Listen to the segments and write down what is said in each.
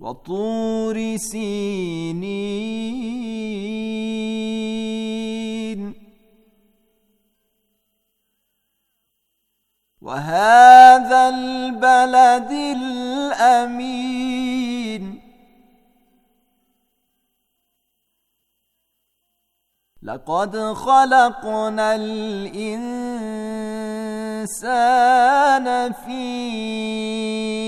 وطور سينين وهذا البلد الامين لقد خلقنا الانسان فيه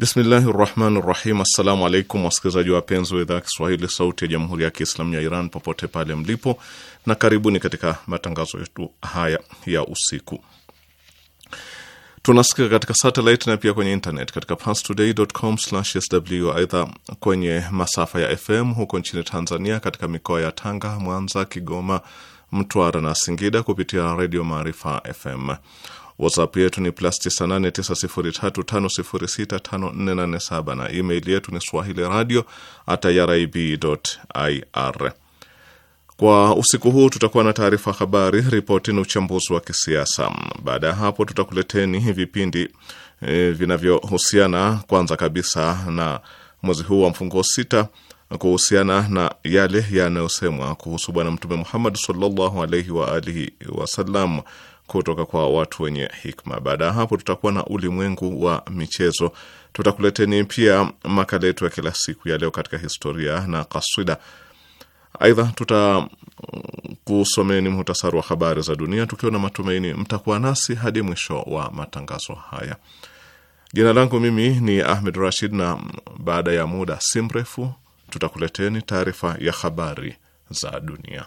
Bismillahi rahmani rahim. Assalamu alaikum wasikilizaji wapenzi wa idhaa ya Kiswahili sauti ya jamhuri ya Kiislamu ya Iran popote pale mlipo, na karibuni katika matangazo yetu haya ya usiku. Tunasikika katika satelit na pia kwenye internet katika parstoday.com/sw. Aidha, kwenye masafa ya FM huko nchini Tanzania, katika mikoa ya Tanga, Mwanza, Kigoma, Mtwara na Singida kupitia redio Maarifa FM. WhatsApp yetu ni plus 989035065487 na email yetu ni swahili radio at Kwa usiku huu tutakuwa na taarifa habari, ripoti na uchambuzi wa kisiasa. Baada ya hapo, tutakuleteni vipindi e, vinavyohusiana kwanza kabisa na mwezi huu wa mfungo sita kuhusiana na yale yanayosemwa kuhusu Bwana Mtume Muhammad sallallahu alaihi wa alihi wasallam kutoka kwa watu wenye hikma. Baada ya hapo, tutakuwa na ulimwengu wa michezo, tutakuleteni pia makala yetu ya kila siku ya leo katika historia na kaswida. Aidha, tutakusomeni muhtasari wa habari za dunia, tukiwa na matumaini mtakuwa nasi hadi mwisho wa matangazo haya. Jina langu mimi ni Ahmed Rashid, na baada ya muda si mrefu tutakuleteni taarifa ya habari za dunia.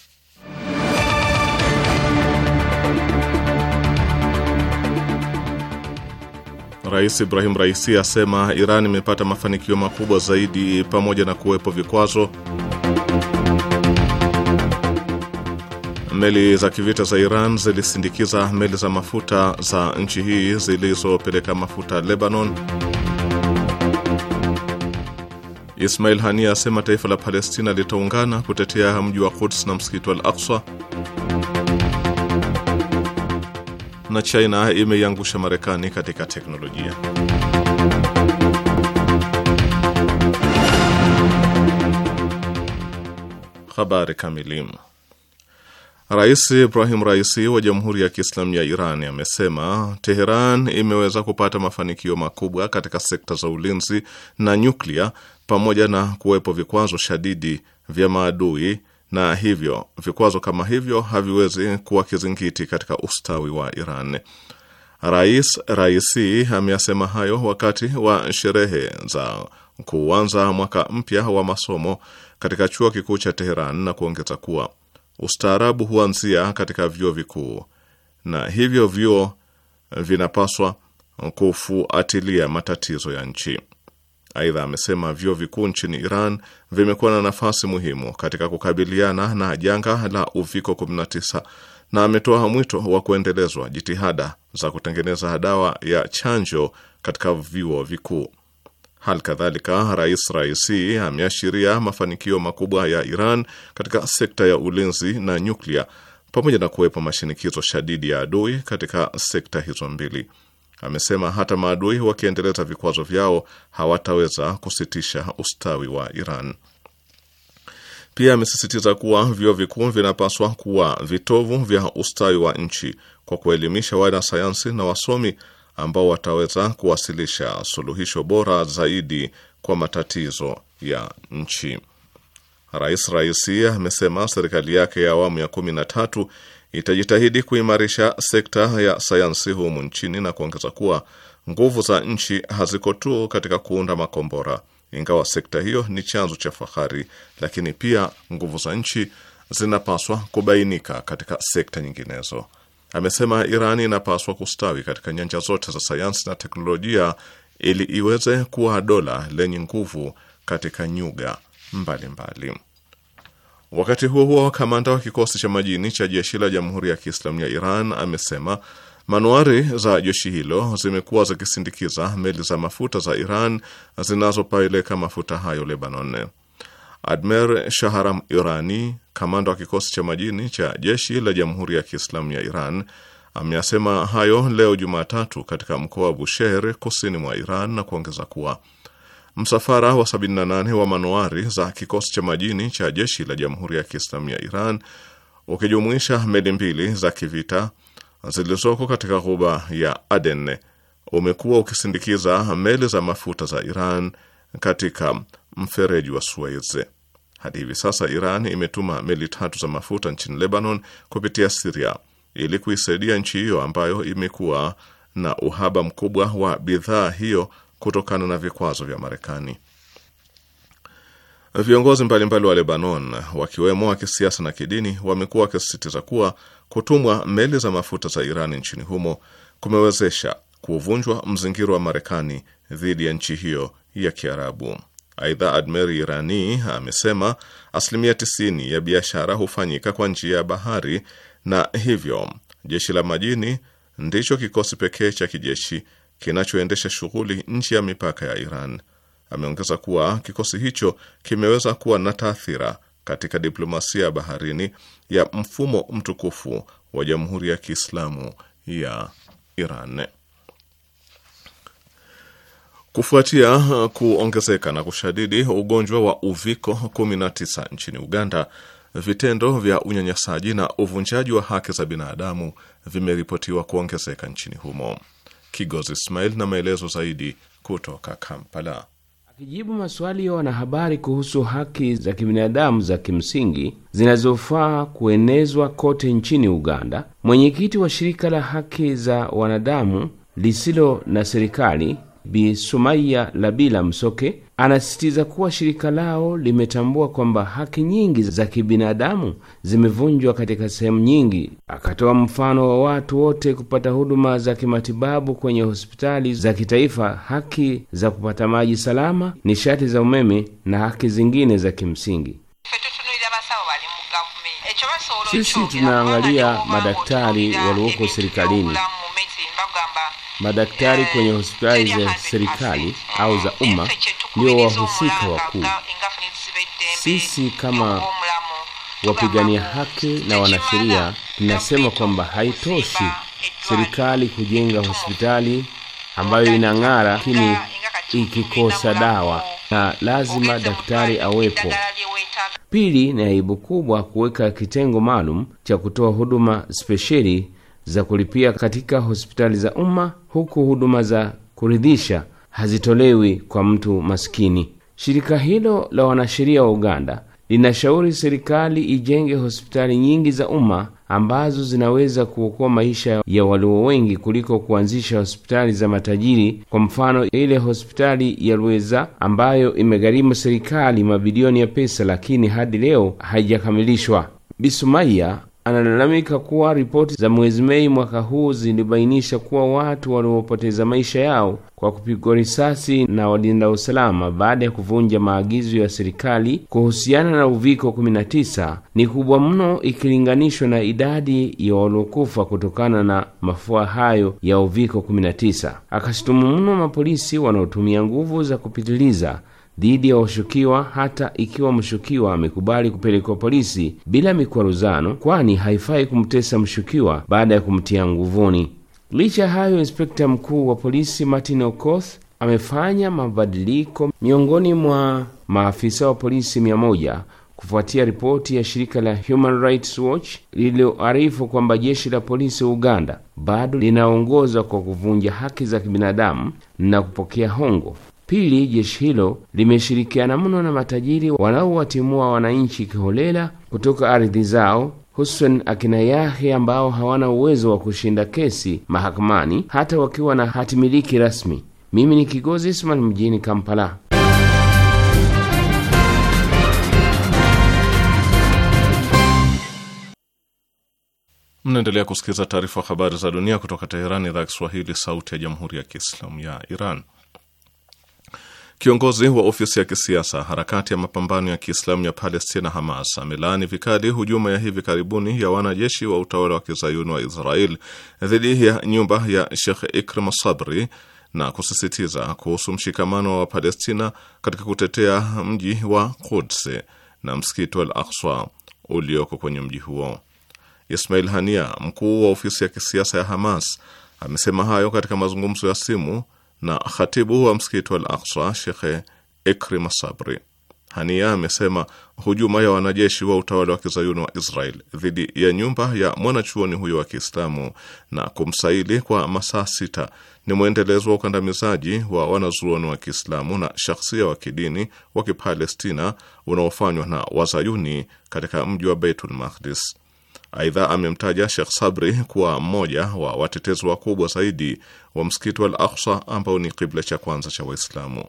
Rais Ibrahim Raisi asema Iran imepata mafanikio makubwa zaidi pamoja na kuwepo vikwazo. Meli za kivita za Iran zilisindikiza meli za mafuta za nchi hii zilizopeleka mafuta Lebanon. Ismail Hania asema taifa la Palestina litaungana kutetea mji wa Quds na msikiti wa Al-Aqsa. na China imeiangusha Marekani katika teknolojia. Habari kamili. Rais Ibrahim Raisi wa Jamhuri ya Kiislamu ya Iran amesema Teheran imeweza kupata mafanikio makubwa katika sekta za ulinzi na nyuklia pamoja na kuwepo vikwazo shadidi vya maadui na hivyo vikwazo kama hivyo haviwezi kuwa kizingiti katika ustawi wa Iran. Rais Raisi ameyasema hayo wakati wa sherehe za kuanza mwaka mpya wa masomo katika chuo kikuu cha Teheran na kuongeza kuwa ustaarabu huanzia katika vyuo vikuu na hivyo vyuo vinapaswa kufuatilia matatizo ya nchi. Aidha, amesema vyuo vikuu nchini Iran vimekuwa na nafasi muhimu katika kukabiliana na janga la uviko 19 na ametoa mwito wa kuendelezwa jitihada za kutengeneza dawa ya chanjo katika vyuo vikuu. Hali kadhalika, Rais Raisi ameashiria mafanikio makubwa ya Iran katika sekta ya ulinzi na nyuklia pamoja na kuwepo mashinikizo shadidi ya adui katika sekta hizo mbili. Amesema hata maadui wakiendeleza vikwazo vyao hawataweza kusitisha ustawi wa Iran. Pia amesisitiza kuwa vyuo vikuu vinapaswa kuwa vitovu vya ustawi wa nchi kwa kuelimisha wanasayansi na wasomi ambao wataweza kuwasilisha suluhisho bora zaidi kwa matatizo ya nchi. Rais Raisi amesema serikali yake ya awamu ya kumi na tatu itajitahidi kuimarisha sekta ya sayansi humu nchini na kuongeza kuwa nguvu za nchi haziko tu katika kuunda makombora, ingawa sekta hiyo ni chanzo cha fahari, lakini pia nguvu za nchi zinapaswa kubainika katika sekta nyinginezo. Amesema Iran inapaswa kustawi katika nyanja zote za sayansi na teknolojia ili iweze kuwa dola lenye nguvu katika nyuga mbalimbali mbali. Wakati huo huo, kamanda wa kikosi cha majini cha jeshi la Jamhuri ya Kiislamu ya Iran amesema manuari za jeshi hilo zimekuwa zikisindikiza meli za mafuta za Iran zinazopeleka mafuta hayo Lebanon. Admer Shahram Irani, kamanda wa kikosi cha majini cha jeshi la Jamhuri ya Kiislamu ya Iran, ameyasema hayo leo Jumatatu katika mkoa wa Bushehr kusini mwa Iran na kuongeza kuwa Msafara wa 78 wa manuari za kikosi cha majini cha jeshi la Jamhuri ya Kiislamu ya Iran ukijumuisha meli mbili za kivita zilizoko katika ghuba ya Aden umekuwa ukisindikiza meli za mafuta za Iran katika mfereji wa Suez. Hadi hivi sasa Iran imetuma meli tatu za mafuta nchini Lebanon kupitia Siria ili kuisaidia nchi hiyo ambayo imekuwa na uhaba mkubwa wa bidhaa hiyo kutokana na vikwazo vya Marekani. Viongozi mbalimbali wa Lebanon, wakiwemo wa kisiasa na kidini, wamekuwa wakisisitiza kuwa kutumwa meli za mafuta za Irani nchini humo kumewezesha kuvunjwa mzingiro wa Marekani dhidi ya nchi hiyo ya Kiarabu. Aidha, Admeri Irani amesema asilimia 90 ya biashara hufanyika kwa njia ya bahari na hivyo jeshi la majini ndicho kikosi pekee cha kijeshi kinachoendesha shughuli nje ya mipaka ya Iran. Ameongeza kuwa kikosi hicho kimeweza kuwa na taathira katika diplomasia ya baharini ya mfumo mtukufu wa Jamhuri ya Kiislamu ya Iran. Kufuatia uh, kuongezeka na kushadidi ugonjwa wa uviko 19 nchini Uganda, vitendo vya unyanyasaji na uvunjaji wa haki za binadamu vimeripotiwa kuongezeka nchini humo. Kigozi Ismail na maelezo zaidi kutoka Kampala. Akijibu maswali ya wanahabari kuhusu haki za kibinadamu za kimsingi zinazofaa kuenezwa kote nchini Uganda, mwenyekiti wa shirika la haki za wanadamu lisilo na serikali Bi Sumaiya Labila Msoke anasisitiza kuwa shirika lao limetambua kwamba haki nyingi za kibinadamu zimevunjwa katika sehemu nyingi. Akatoa mfano wa watu wote kupata huduma za kimatibabu kwenye hospitali za kitaifa, haki za kupata maji salama, nishati za umeme na haki zingine za kimsingi. Sisi tunaangalia madaktari walioko serikalini Madaktari kwenye hospitali za serikali au za umma ndio wahusika wakuu. Sisi kama wapigania haki na wanasheria tunasema kwamba haitoshi serikali kujenga hospitali ambayo inang'ara, lakini ikikosa dawa, na lazima daktari awepo. Pili, ni aibu kubwa kuweka kitengo maalum cha kutoa huduma spesheli za kulipia katika hospitali za umma, huku huduma za kuridhisha hazitolewi kwa mtu maskini. Shirika hilo la wanasheria wa Uganda linashauri serikali ijenge hospitali nyingi za umma ambazo zinaweza kuokoa maisha ya walio wengi kuliko kuanzisha hospitali za matajiri. Kwa mfano, ile hospitali ya Lweza ambayo imegharimu serikali mabilioni ya pesa, lakini hadi leo haijakamilishwa. Bisumaiya Analalamika kuwa ripoti za mwezi Mei mwaka huu zilibainisha kuwa watu waliopoteza maisha yao kwa kupigwa risasi na walinda usalama baada ya kuvunja maagizo ya serikali kuhusiana na uviko 19 ni kubwa mno ikilinganishwa na idadi ya waliokufa kutokana na mafua hayo ya uviko 19. Akashutumu mno mapolisi wanaotumia nguvu za kupitiliza dhidi ya washukiwa hata ikiwa mshukiwa amekubali kupelekwa polisi bila mikwaruzano, kwani haifai kumtesa mshukiwa baada ya kumtia nguvuni. Licha ya hayo, inspekta mkuu wa polisi Martin ocoth amefanya mabadiliko miongoni mwa maafisa wa polisi 1 kufuatia ripoti ya shirika la Human Rights Watch lililoarifu kwamba jeshi la polisi Uganda bado linaongozwa kwa kuvunja haki za kibinadamu na kupokea hongo. Pili, jeshi hilo limeshirikiana mno na matajiri wanaowatimua wananchi kiholela kutoka ardhi zao hususan akina Yahya ambao hawana uwezo wa kushinda kesi mahakamani hata wakiwa na hatimiliki rasmi. Mimi ni Kigozi Isman mjini Kampala. Mnaendelea kusikiliza taarifa habari za dunia kutoka Teherani, idhaa ya Kiswahili, sauti ya jamhuri ya kiislamu ya Iran. Kiongozi wa ofisi ya kisiasa harakati ya mapambano ya Kiislamu ya Palestina, Hamas, amelaani vikali hujuma ya hivi karibuni ya wanajeshi wa utawala wa kizayuni wa Israel dhidi ya nyumba ya Shekh Ikrim Sabri na kusisitiza kuhusu mshikamano wa Palestina katika kutetea mji wa Quds na msikiti wa al ulioko kwenye mji huo. Ismail Hania, mkuu wa ofisi ya kisiasa ya Hamas, amesema hayo katika mazungumzo ya simu na khatibu wa msikiti Al Aksa Shekhe Ikrima Sabri Hania amesema hujuma ya wanajeshi wa utawala wa kizayuni wa Israel dhidi ya nyumba ya mwanachuoni huyo wa Kiislamu na kumsaili kwa masaa sita ni mwendelezo wa ukandamizaji wa wanazuoni wa Kiislamu na shakhsia wa kidini wa Kipalestina unaofanywa na wazayuni katika mji wa Beitul Maqdis. Aidha, amemtaja shekh Sabri kuwa mmoja wa watetezi wakubwa zaidi wa msikiti wa Al Aksa ambao ni kibla cha kwanza cha Waislamu.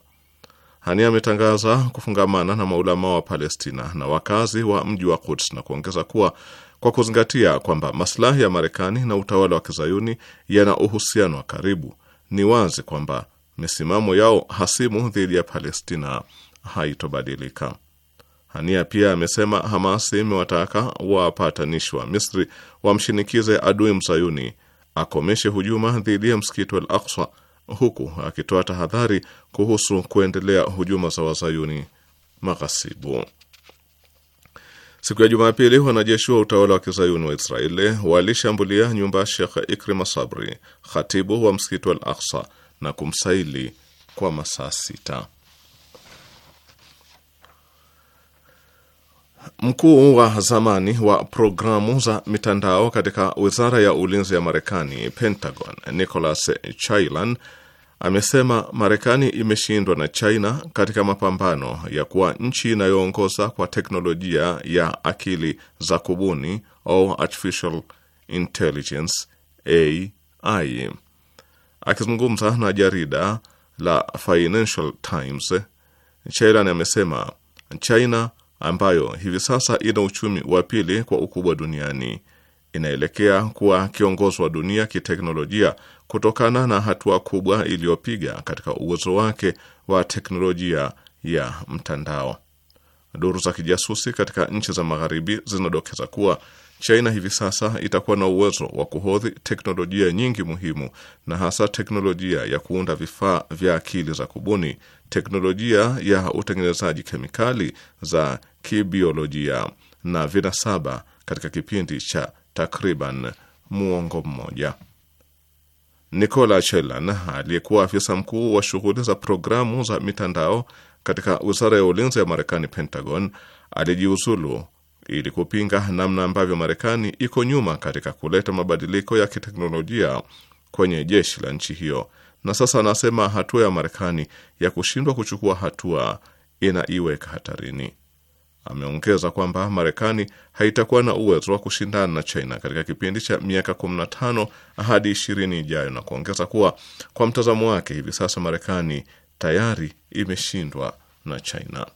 Hani ametangaza kufungamana na maulama wa Palestina na wakazi wa mji wa Quds na kuongeza kuwa kwa kuzingatia kwamba maslahi ya Marekani na utawala wa kizayuni yana uhusiano wa karibu, ni wazi kwamba misimamo yao hasimu dhidi ya Palestina haitobadilika. Hania pia amesema Hamas imewataka wapatanishi wa Misri wamshinikize adui mzayuni akomeshe hujuma dhidi ya msikiti Al Aksa, huku akitoa tahadhari kuhusu kuendelea hujuma za wazayuni maghasibu. Siku ya Jumapili, wanajeshi wa utawala wa kizayuni wa Israeli walishambulia nyumba ya Shekh Ikrima Sabri, khatibu wa msikiti wal Aksa, na kumsaili kwa masaa sita. Mkuu wa zamani wa programu za mitandao katika wizara ya ulinzi ya Marekani, Pentagon, Nicholas Chailan amesema Marekani imeshindwa na China katika mapambano ya kuwa nchi inayoongoza kwa teknolojia ya akili za kubuni au artificial intelligence AI. Akizungumza na jarida la Financial Times, Chailan amesema China ambayo hivi sasa ina uchumi wa pili kwa ukubwa duniani inaelekea kuwa kiongozi wa dunia kiteknolojia kutokana na hatua kubwa iliyopiga katika uwezo wake wa teknolojia ya mtandao. Duru za kijasusi katika nchi za magharibi zinadokeza kuwa China hivi sasa itakuwa na uwezo wa kuhodhi teknolojia nyingi muhimu na hasa teknolojia ya kuunda vifaa vya akili za kubuni teknolojia ya utengenezaji kemikali za kibiolojia na vinasaba katika kipindi cha takriban muongo mmoja. Nicola Chelan aliyekuwa afisa mkuu wa shughuli za programu za mitandao katika wizara ya ulinzi ya Marekani, Pentagon, alijiuzulu ili kupinga namna ambavyo Marekani iko nyuma katika kuleta mabadiliko ya kiteknolojia kwenye jeshi la nchi hiyo na sasa anasema hatua ya Marekani ya kushindwa kuchukua hatua inaiweka hatarini. Ameongeza kwamba Marekani haitakuwa na uwezo wa kushindana na China katika kipindi cha miaka 15 hadi ishirini ijayo, na kuongeza kuwa kwa mtazamo wake hivi sasa Marekani tayari imeshindwa na China.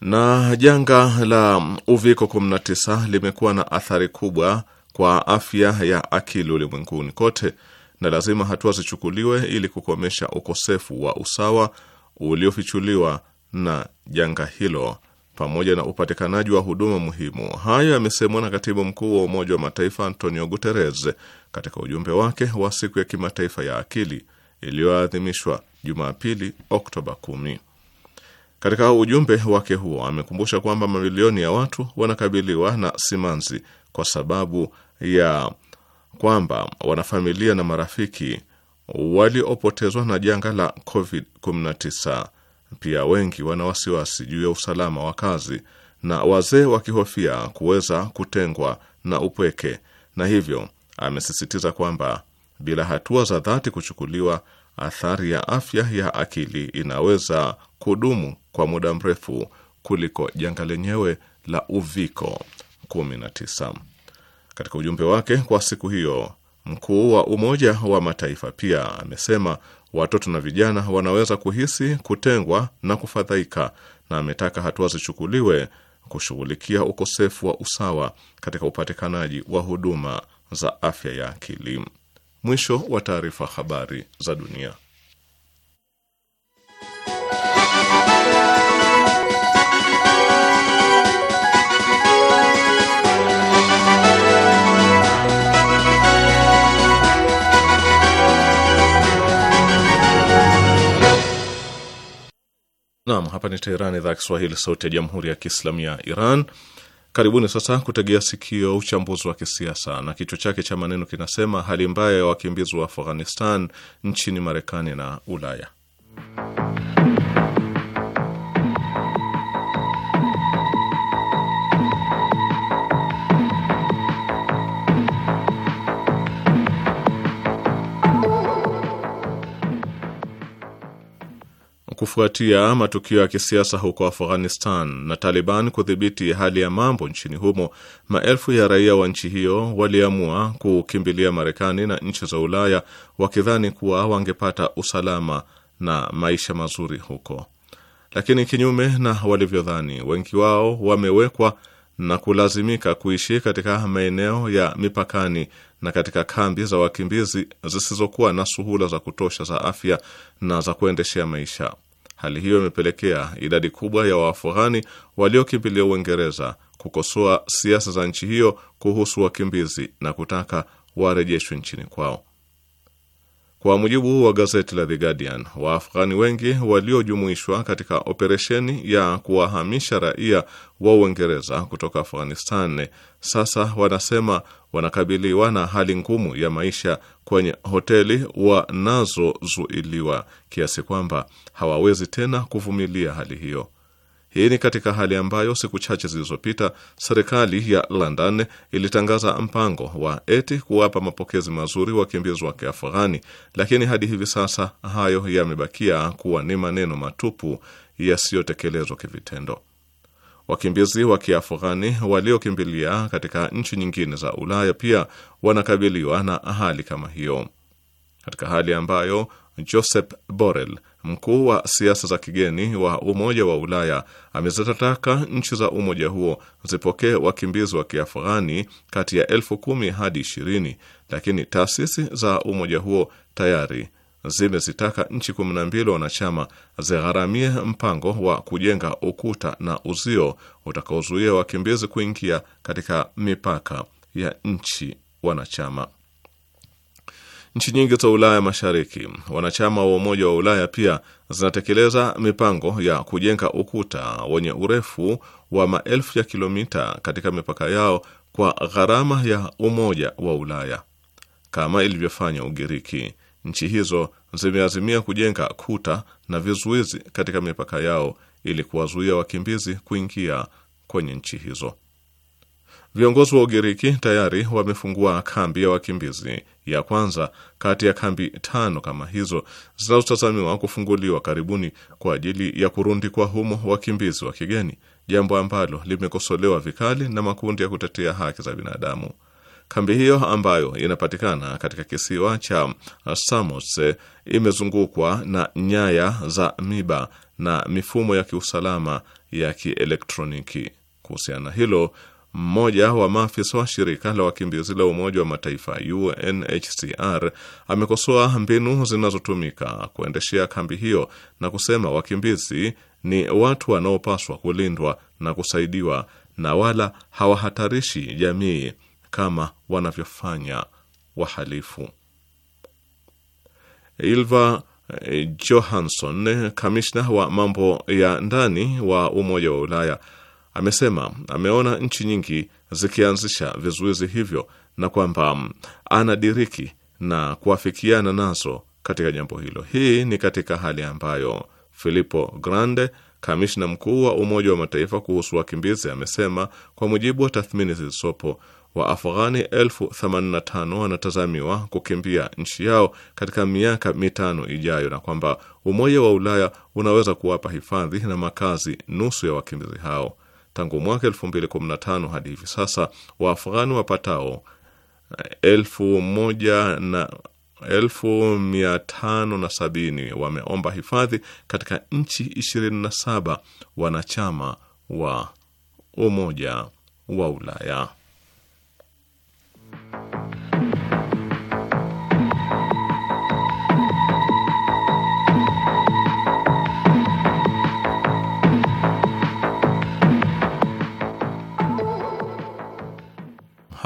Na janga la uviko 19 limekuwa na athari kubwa kwa afya ya akili ulimwenguni kote, na lazima hatua zichukuliwe ili kukomesha ukosefu wa usawa uliofichuliwa na janga hilo pamoja na upatikanaji wa huduma muhimu. Hayo yamesemwa na katibu mkuu wa Umoja wa Mataifa Antonio Guterres katika ujumbe wake wa siku ya kimataifa ya akili iliyoadhimishwa Jumapili, Oktoba 10. Katika ujumbe wake huo amekumbusha kwamba mamilioni ya watu wanakabiliwa na simanzi kwa sababu ya kwamba wanafamilia na marafiki waliopotezwa na janga la COVID-19 pia wengi wana wasiwasi juu ya usalama wa kazi na wazee wakihofia kuweza kutengwa na upweke, na hivyo amesisitiza kwamba bila hatua za dhati kuchukuliwa, athari ya afya ya akili inaweza kudumu kwa muda mrefu kuliko janga lenyewe la uviko 19. Katika ujumbe wake kwa siku hiyo, mkuu wa Umoja wa Mataifa pia amesema watoto na vijana wanaweza kuhisi kutengwa na kufadhaika, na ametaka hatua zichukuliwe kushughulikia ukosefu wa usawa katika upatikanaji wa huduma za afya ya akili. Mwisho wa taarifa. Habari za dunia. Naam, hapa ni Teheran, idhaa ya Kiswahili, sauti ya jamhuri ya kiislamu ya Iran. Karibuni sasa kutegea sikio uchambuzi wa kisiasa na kichwa chake cha maneno kinasema hali mbaya ya wakimbizi wa Afghanistan nchini Marekani na Ulaya. Kufuatia matukio ya kisiasa huko Afghanistan na Taliban kudhibiti hali ya mambo nchini humo, maelfu ya raia wa nchi hiyo waliamua kukimbilia Marekani na nchi za Ulaya wakidhani kuwa wangepata usalama na maisha mazuri huko, lakini kinyume na walivyodhani, wengi wao wamewekwa na kulazimika kuishi katika maeneo ya mipakani na katika kambi za wakimbizi zisizokuwa na suhula za kutosha za afya na za kuendeshea maisha. Hali hiyo imepelekea idadi kubwa ya Waafghani waliokimbilia Uingereza kukosoa siasa za nchi hiyo kuhusu wakimbizi na kutaka warejeshwe nchini kwao. Kwa mujibu wa gazeti la The Guardian, Waafghani wengi waliojumuishwa katika operesheni ya kuwahamisha raia wa Uingereza kutoka Afghanistan sasa wanasema wanakabiliwa na hali ngumu ya maisha kwenye hoteli wanazozuiliwa kiasi kwamba hawawezi tena kuvumilia hali hiyo. Hii ni katika hali ambayo siku chache zilizopita serikali ya London ilitangaza mpango wa eti kuwapa mapokezi mazuri wakimbizi wa Kiafghani, lakini hadi hivi sasa hayo yamebakia kuwa ni maneno matupu yasiyotekelezwa kivitendo. Wakimbizi wa Kiafghani waliokimbilia katika nchi nyingine za Ulaya pia wanakabiliwa na hali kama hiyo, katika hali ambayo Joseph Borrell mkuu wa siasa za kigeni wa Umoja wa Ulaya amezitataka nchi za umoja huo zipokee wakimbizi wa Kiafghani kati ya elfu kumi hadi ishirini, lakini taasisi za umoja huo tayari zimezitaka nchi kumi na mbili wanachama zigharamie mpango wa kujenga ukuta na uzio utakaozuia wakimbizi kuingia katika mipaka ya nchi wanachama. Nchi nyingi za Ulaya Mashariki, wanachama wa Umoja wa Ulaya, pia zinatekeleza mipango ya kujenga ukuta wenye urefu wa maelfu ya kilomita katika mipaka yao kwa gharama ya Umoja wa Ulaya kama ilivyofanya Ugiriki. Nchi hizo zimeazimia kujenga kuta na vizuizi katika mipaka yao ili kuwazuia wakimbizi kuingia kwenye nchi hizo. Viongozi wa Ugiriki tayari wamefungua kambi ya wakimbizi ya kwanza kati ya kambi tano kama hizo zinazotazamiwa kufunguliwa karibuni kwa ajili ya kurundikwa humo wakimbizi wa kigeni, jambo ambalo limekosolewa vikali na makundi ya kutetea haki za binadamu. Kambi hiyo ambayo inapatikana katika kisiwa cha Samos imezungukwa na nyaya za miba na mifumo ya kiusalama ya kielektroniki. Kuhusiana na hilo mmoja wa maafisa wa shirika la wakimbizi la Umoja wa Mataifa UNHCR amekosoa mbinu zinazotumika kuendeshea kambi hiyo na kusema wakimbizi ni watu wanaopaswa kulindwa na kusaidiwa na wala hawahatarishi jamii kama wanavyofanya wahalifu. ilva Johansson, kamishna wa mambo ya ndani wa Umoja wa Ulaya amesema ameona nchi nyingi zikianzisha vizuizi hivyo na kwamba anadiriki na kuafikiana nazo katika jambo hilo. Hii ni katika hali ambayo Filippo Grande, kamishna mkuu wa Umoja wa Mataifa kuhusu wakimbizi, amesema kwa mujibu wa tathmini zilizopo wa elfu 85 wanatazamiwa kukimbia nchi yao katika miaka mitano ijayo, na kwamba Umoja wa Ulaya unaweza kuwapa hifadhi na makazi nusu ya wakimbizi hao. Tangu mwaka 2015 hadi hivi sasa Waafghani wapatao eh, elfu moja na elfu mia tano na sabini wameomba hifadhi katika nchi 27 wanachama wa Umoja wa Ulaya.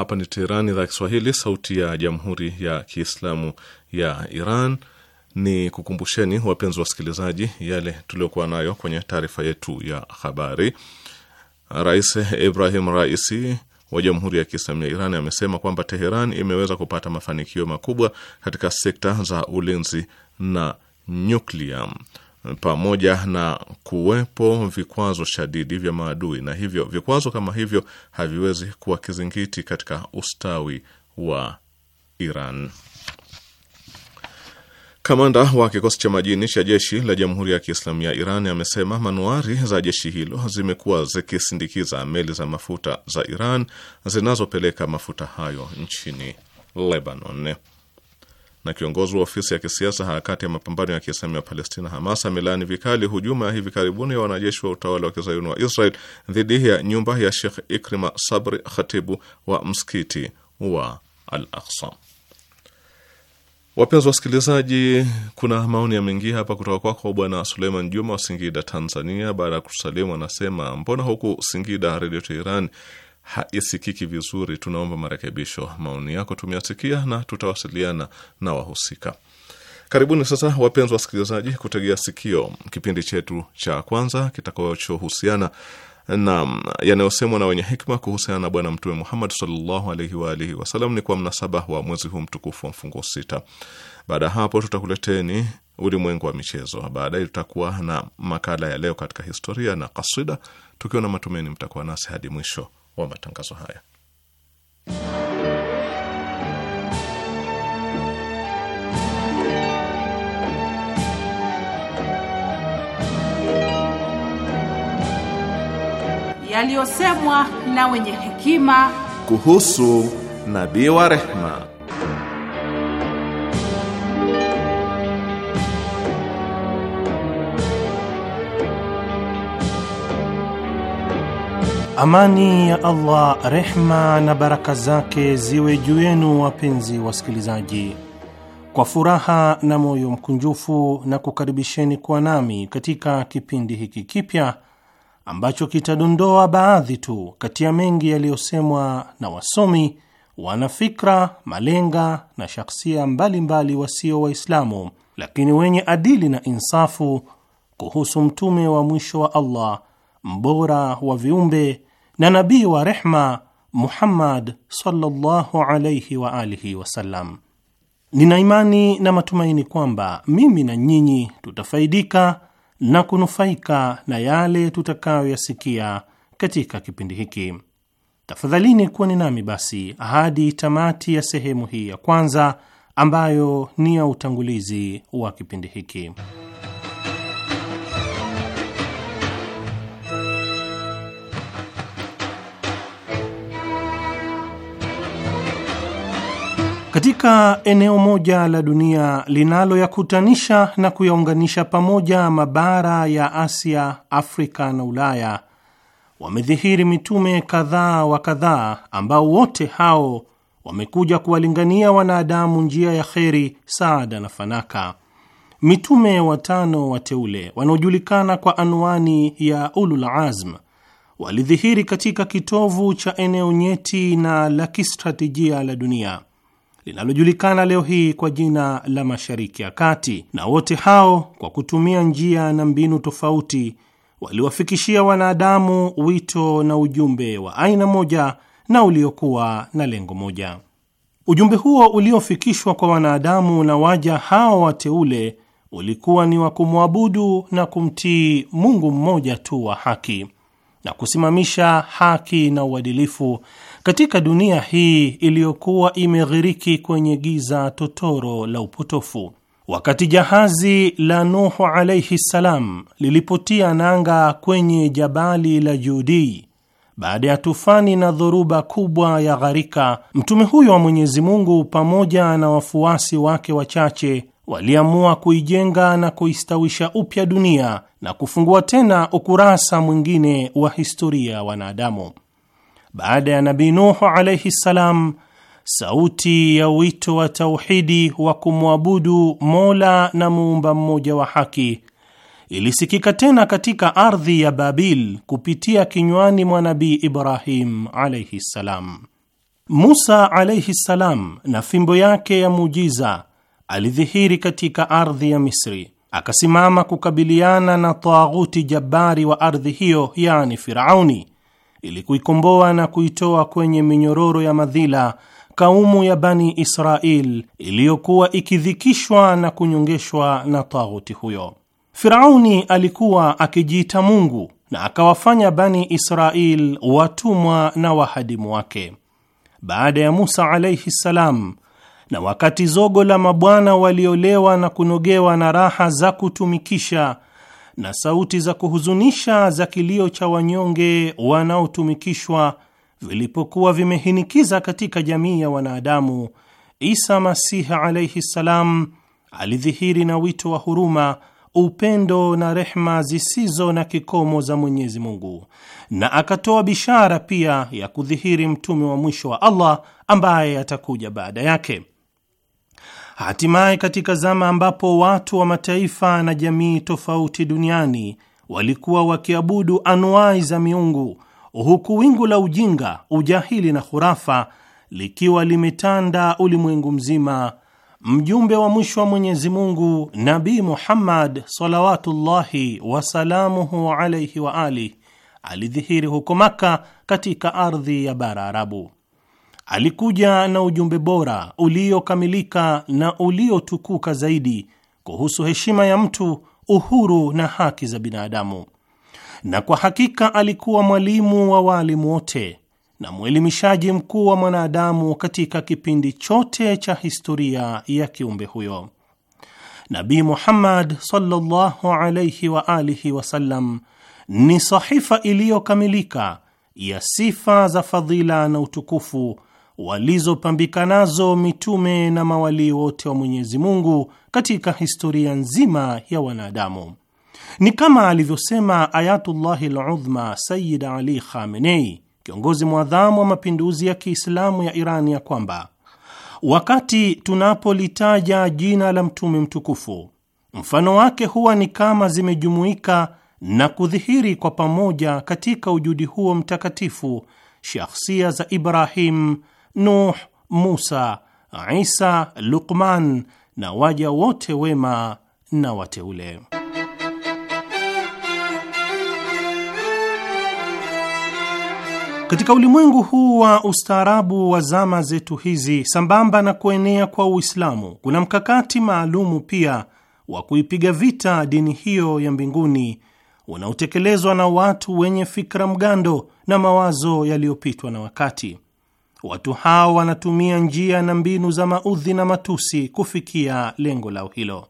Hapa ni teheran idhaa Kiswahili, sauti ya jamhuri ya kiislamu ya Iran. Ni kukumbusheni wapenzi wasikilizaji, yale tuliokuwa nayo kwenye taarifa yetu ya habari. Rais Ibrahim Raisi wa Jamhuri ya Kiislamu ya Iran amesema kwamba Teheran imeweza kupata mafanikio makubwa katika sekta za ulinzi na nyuklia pamoja na kuwepo vikwazo shadidi vya maadui, na hivyo vikwazo kama hivyo haviwezi kuwa kizingiti katika ustawi wa Iran. Kamanda wa kikosi cha majini cha jeshi la Jamhuri ya Kiislamu ya Iran amesema manuari za jeshi hilo zimekuwa zikisindikiza meli za mafuta za Iran zinazopeleka mafuta hayo nchini Lebanon na kiongozi wa ofisi ya kisiasa harakati ya mapambano ya kiislamu ya Palestina Hamas amelaani vikali hujuma ya hivi karibuni ya wanajeshi wa utawala wa kizayuni wa Israel dhidi ya nyumba ya Sheikh Ikrima Sabri, khatibu wa msikiti wa Al Aqsa. Wapenzi wasikilizaji, kuna maoni ya mengi hapa kutoka kwako Bwana Suleiman Juma wa Singida, Tanzania. Baada ya kutusalimu, anasema mbona huku Singida Redio Teheran haisikiki vizuri, tunaomba marekebisho. Maoni yako tumeyasikia na tutawasiliana na wahusika. Karibuni sasa, wapenzi wasikilizaji, kutegea sikio kipindi chetu cha kwanza kitakachohusiana na yanayosemwa na wenye hikma kuhusiana na Bwana Mtume Muhammad sallallahu alaihi wa alihi wasallam ni kwa mnasaba wa mwezi huu mtukufu wa mfungo sita. Baada ya hapo, tutakuleteni ulimwengu wa michezo. Baadaye tutakuwa na makala ya leo katika historia na kaswida, tukiwa na matumaini mtakuwa nasi hadi mwisho wa matangazo haya. Yaliyosemwa na wenye hekima kuhusu nabii wa rehma Amani ya Allah, rehma na baraka zake ziwe juu yenu, wapenzi wasikilizaji. Kwa furaha na moyo mkunjufu na kukaribisheni kuwa nami katika kipindi hiki kipya ambacho kitadondoa baadhi tu kati ya mengi yaliyosemwa na wasomi, wanafikra, malenga na shakhsia mbalimbali wasio Waislamu, lakini wenye adili na insafu kuhusu mtume wa mwisho wa Allah, mbora wa viumbe na nabii wa rehma Muhammad sallallahu alayhi wa alihi wasallam. Nina imani na matumaini kwamba mimi na nyinyi tutafaidika na kunufaika na yale tutakayoyasikia katika kipindi hiki. Tafadhalini kuweni nami basi hadi tamati ya sehemu hii ya kwanza ambayo ni ya utangulizi wa kipindi hiki. Katika eneo moja la dunia linaloyakutanisha na kuyaunganisha pamoja mabara ya Asia, Afrika na Ulaya, wamedhihiri mitume kadhaa wa kadhaa ambao wote hao wamekuja kuwalingania wanadamu njia ya kheri, saada na fanaka. Mitume watano wateule wanaojulikana kwa anwani ya ulul azm walidhihiri katika kitovu cha eneo nyeti na la kistratejia la dunia linalojulikana leo hii kwa jina la Mashariki ya Kati, na wote hao kwa kutumia njia na mbinu tofauti waliwafikishia wanadamu wito na ujumbe wa aina moja na uliokuwa na lengo moja. Ujumbe huo uliofikishwa kwa wanadamu na waja hao wateule ulikuwa ni wa kumwabudu na kumtii Mungu mmoja tu wa haki na kusimamisha haki na uadilifu katika dunia hii iliyokuwa imeghiriki kwenye giza totoro la upotofu. Wakati jahazi la Nuhu alaihi ssalam lilipotia nanga kwenye jabali la Judii baada ya tufani na dhoruba kubwa ya gharika, mtume huyo wa Mwenyezi Mungu pamoja na wafuasi wake wachache waliamua kuijenga na kuistawisha upya dunia na kufungua tena ukurasa mwingine wa historia ya wanadamu. Baada ya Nabii Nuhu alaihi ssalam, sauti ya wito wa tauhidi wa kumwabudu Mola na muumba mmoja wa haki ilisikika tena katika ardhi ya Babil kupitia kinywani mwa Nabii Ibrahim alaihi ssalam. Musa alaihi ssalam na fimbo yake ya muujiza alidhihiri katika ardhi ya Misri, akasimama kukabiliana na taghuti jabari wa ardhi hiyo, yani Firauni ili kuikomboa na kuitoa kwenye minyororo ya madhila kaumu ya Bani israel iliyokuwa ikidhikishwa na kunyongeshwa na taghuti huyo. Firauni alikuwa akijiita Mungu na akawafanya Bani Israil watumwa na wahadimu wake. Baada ya Musa alaihi ssalam, na wakati zogo la mabwana waliolewa na kunogewa na raha za kutumikisha na sauti za kuhuzunisha za kilio cha wanyonge wanaotumikishwa vilipokuwa vimehinikiza katika jamii ya wanadamu, Isa Masihi alaihi ssalam alidhihiri na wito wa huruma, upendo na rehma zisizo na kikomo za Mwenyezi Mungu, na akatoa bishara pia ya kudhihiri mtume wa mwisho wa Allah ambaye atakuja baada yake. Hatimaye, katika zama ambapo watu wa mataifa na jamii tofauti duniani walikuwa wakiabudu anuwai za miungu, huku wingu la ujinga, ujahili na khurafa likiwa limetanda ulimwengu mzima, mjumbe wa mwisho wa Mwenyezi Mungu Nabii Muhammad salawatullahi wasalamuhu alaihi wa alih, alidhihiri huko makka katika ardhi ya bara Arabu alikuja na ujumbe bora uliokamilika na uliotukuka zaidi kuhusu heshima ya mtu, uhuru na haki za binadamu. Na kwa hakika alikuwa mwalimu wa waalimu wote na mwelimishaji mkuu wa mwanadamu katika kipindi chote cha historia ya kiumbe huyo. Nabii Muhammad sallallahu alayhi wa alihi wasallam ni sahifa iliyokamilika ya sifa za fadhila na utukufu walizopambikanazo mitume na mawalii wote wa Mwenyezi Mungu katika historia nzima ya wanadamu. Ni kama alivyosema Ayatullahi Ludhma Sayid Ali Khamenei, kiongozi mwadhamu wa mapinduzi ya Kiislamu ya Iran, ya kwamba wakati tunapolitaja jina la mtume mtukufu, mfano wake huwa ni kama zimejumuika na kudhihiri kwa pamoja katika ujudi huo mtakatifu shakhsia za Ibrahim Nuh, Musa, Isa, Luqman na waja wote wema na wateule. Katika ulimwengu huu wa ustaarabu wa zama zetu hizi, sambamba na kuenea kwa Uislamu, kuna mkakati maalumu pia wa kuipiga vita dini hiyo ya mbinguni unaotekelezwa na watu wenye fikra mgando na mawazo yaliyopitwa na wakati watu hao wanatumia njia na mbinu za maudhi na matusi kufikia lengo lao hilo.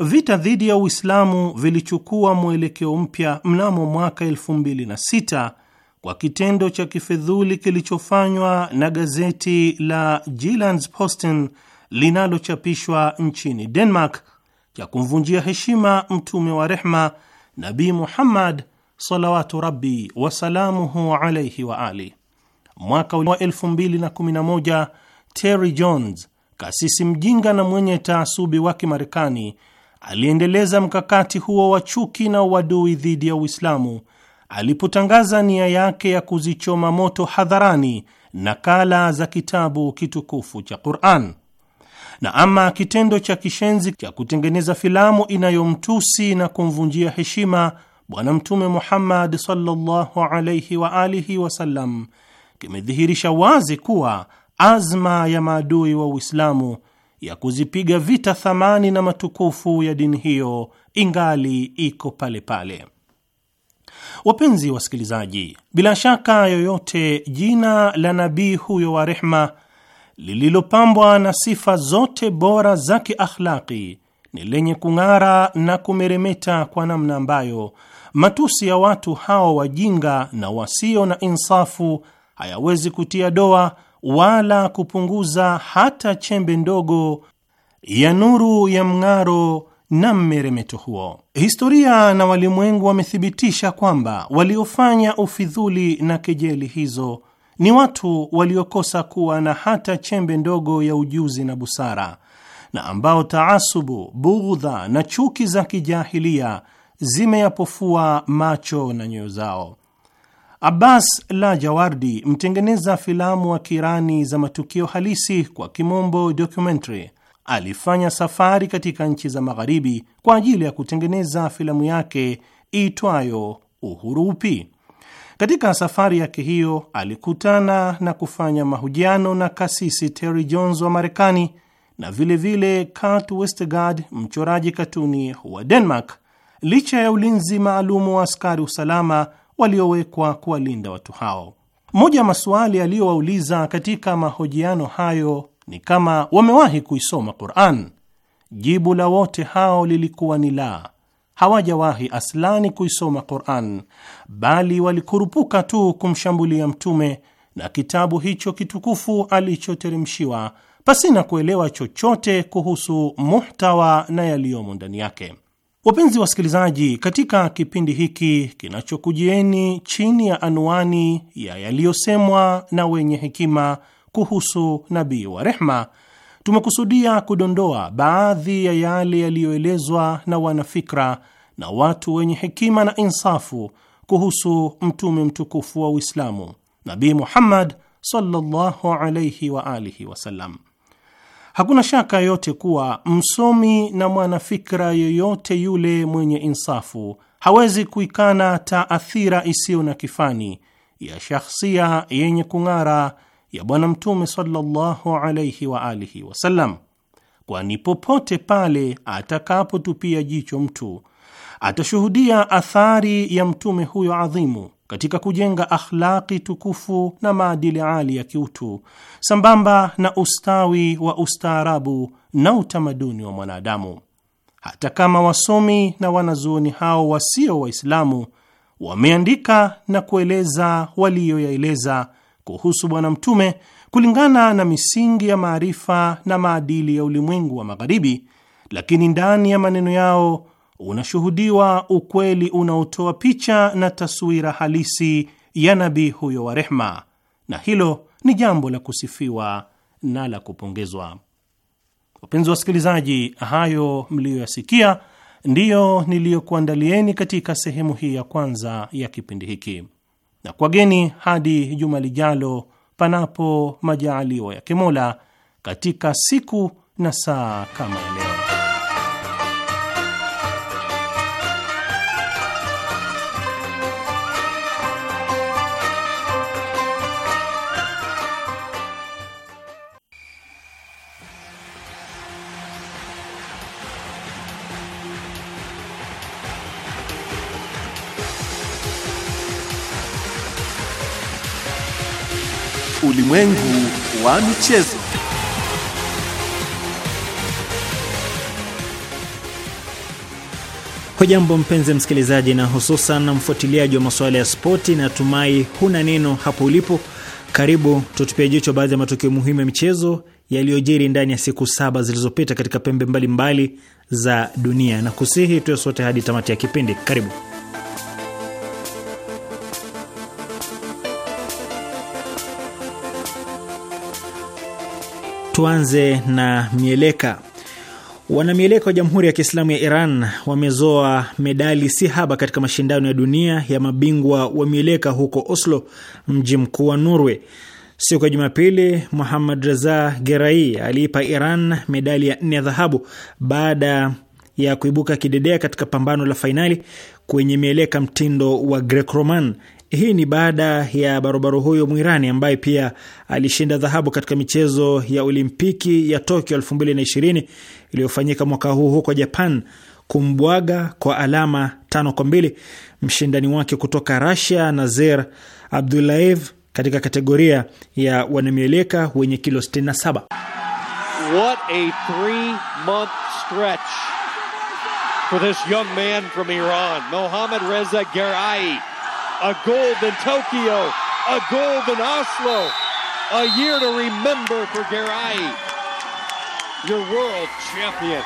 Vita dhidi ya Uislamu vilichukua mwelekeo mpya mnamo mwaka 2006 kwa kitendo cha kifedhuli kilichofanywa na gazeti la Jyllands-Posten linalochapishwa nchini Denmark cha kumvunjia heshima mtume wa rehma Nabii Muhammad salawatu rabbi wasalamuhu alaihi wa ali mwaka wa 2011 Terry Jones, kasisi mjinga na mwenye taasubi wa Kimarekani, aliendeleza mkakati huo wa chuki na uadui dhidi ya Uislamu alipotangaza nia yake ya kuzichoma moto hadharani nakala za kitabu kitukufu cha Qur'an. Na ama kitendo cha kishenzi cha kutengeneza filamu inayomtusi na kumvunjia heshima Bwana Mtume Muhammad sallallahu alayhi wa alihi wasallam kimedhihirisha wazi kuwa azma ya maadui wa Uislamu ya kuzipiga vita thamani na matukufu ya dini hiyo ingali iko pale pale. Wapenzi wasikilizaji, bila shaka yoyote, jina la nabii huyo wa rehma lililopambwa na sifa zote bora za kiakhlaki ni lenye kung'ara na kumeremeta kwa namna ambayo matusi ya watu hao wajinga na wasio na insafu hayawezi kutia doa wala kupunguza hata chembe ndogo ya nuru ya mng'aro na mmeremeto huo. Historia na walimwengu wamethibitisha kwamba waliofanya ufidhuli na kejeli hizo ni watu waliokosa kuwa na hata chembe ndogo ya ujuzi na busara, na ambao taasubu, bughdha na chuki za kijahilia zimeyapofua macho na nyoyo zao. Abbas Lajawardi, mtengeneza filamu wa Kirani za matukio halisi, kwa kimombo documentary, alifanya safari katika nchi za Magharibi kwa ajili ya kutengeneza filamu yake iitwayo Uhuru Upi. Katika safari yake hiyo alikutana na kufanya mahojiano na kasisi Terry Jones wa Marekani na vilevile Kurt Westergaard, mchoraji katuni wa Denmark. Licha ya ulinzi maalumu wa askari usalama waliowekwa kuwalinda watu hao. Moja ya masuali aliyowauliza katika mahojiano hayo ni kama wamewahi kuisoma Qur'an. Jibu la wote hao lilikuwa ni la, hawajawahi aslani kuisoma Qur'an, bali walikurupuka tu kumshambulia Mtume na kitabu hicho kitukufu alichoteremshiwa pasina kuelewa chochote kuhusu muhtawa na yaliyomo ndani yake. Wapenzi wasikilizaji, katika kipindi hiki kinachokujieni chini ya anwani ya yaliyosemwa na wenye hekima kuhusu nabii wa rehma, tumekusudia kudondoa baadhi ya yale yaliyoelezwa na wanafikra na watu wenye hekima na insafu kuhusu mtume mtukufu wa Uislamu, Nabii Muhammad sallallahu alayhi wa alihi wasallam. Hakuna shaka yoyote kuwa msomi na mwanafikra yoyote yule mwenye insafu hawezi kuikana taathira isiyo na kifani ya shakhsia yenye kung'ara ya Bwana Mtume sallallahu wa alihi wasallam, kwani popote pale atakapotupia jicho mtu atashuhudia athari ya mtume huyo adhimu katika kujenga akhlaqi tukufu na maadili ali ya kiutu sambamba na ustawi wa ustaarabu na utamaduni wa mwanadamu. Hata kama wasomi na wanazuoni hao wasio Waislamu wameandika na kueleza waliyoyaeleza kuhusu Bwana Mtume kulingana na misingi ya maarifa na maadili ya ulimwengu wa Magharibi, lakini ndani ya maneno yao unashuhudiwa ukweli unaotoa picha na taswira halisi ya nabii huyo wa rehma, na hilo ni jambo la kusifiwa na la kupongezwa. Wapenzi wasikilizaji, hayo mliyoyasikia ndiyo niliyokuandalieni katika sehemu hii ya kwanza ya kipindi hiki, na kwageni hadi juma lijalo, panapo majaaliwa ya Kimola, katika siku na saa kama leo. Ulimwengu wa michezo. Hujambo mpenzi msikilizaji, na hususan mfuatiliaji wa masuala ya spoti, na tumai huna neno hapo ulipo. Karibu tutupia jicho baadhi ya matukio muhimu ya michezo yaliyojiri ndani ya siku saba zilizopita katika pembe mbalimbali mbali za dunia, na kusihi tuwe sote hadi tamati ya kipindi. Karibu. Tuanze na mieleka. Wanamieleka wa Jamhuri ya Kiislamu ya Iran wamezoa medali si haba katika mashindano ya dunia ya mabingwa wa mieleka huko Oslo, mji mkuu wa Norway. Siku ya Jumapili, Muhammad Reza Gerai aliipa Iran medali ya nne ya dhahabu baada ya kuibuka kidedea katika pambano la fainali kwenye mieleka mtindo wa Greco-Roman. Hii ni baada ya barobaro huyo Mwirani ambaye pia alishinda dhahabu katika michezo ya Olimpiki ya Tokyo 2020 iliyofanyika mwaka huu huko Japan kumbwaga kwa alama tano kwa mbili mshindani wake kutoka rasia Nazer Abdulaev katika kategoria ya wanamieleka wenye kilo 67. What a three-month stretch for this young man from Iran, Mohammad Reza a gold in Tokyo, a gold in Oslo, a year to remember for Garay, your world champion.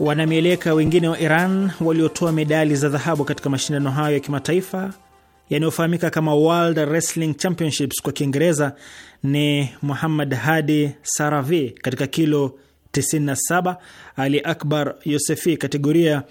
Wanamieleka wengine wa Iran waliotoa medali za dhahabu katika mashindano hayo ya kimataifa yanayofahamika kama World Wrestling Championships kwa Kiingereza ni Muhammad Hadi Saravi katika kilo 97, Ali Akbar Yosefi kategoria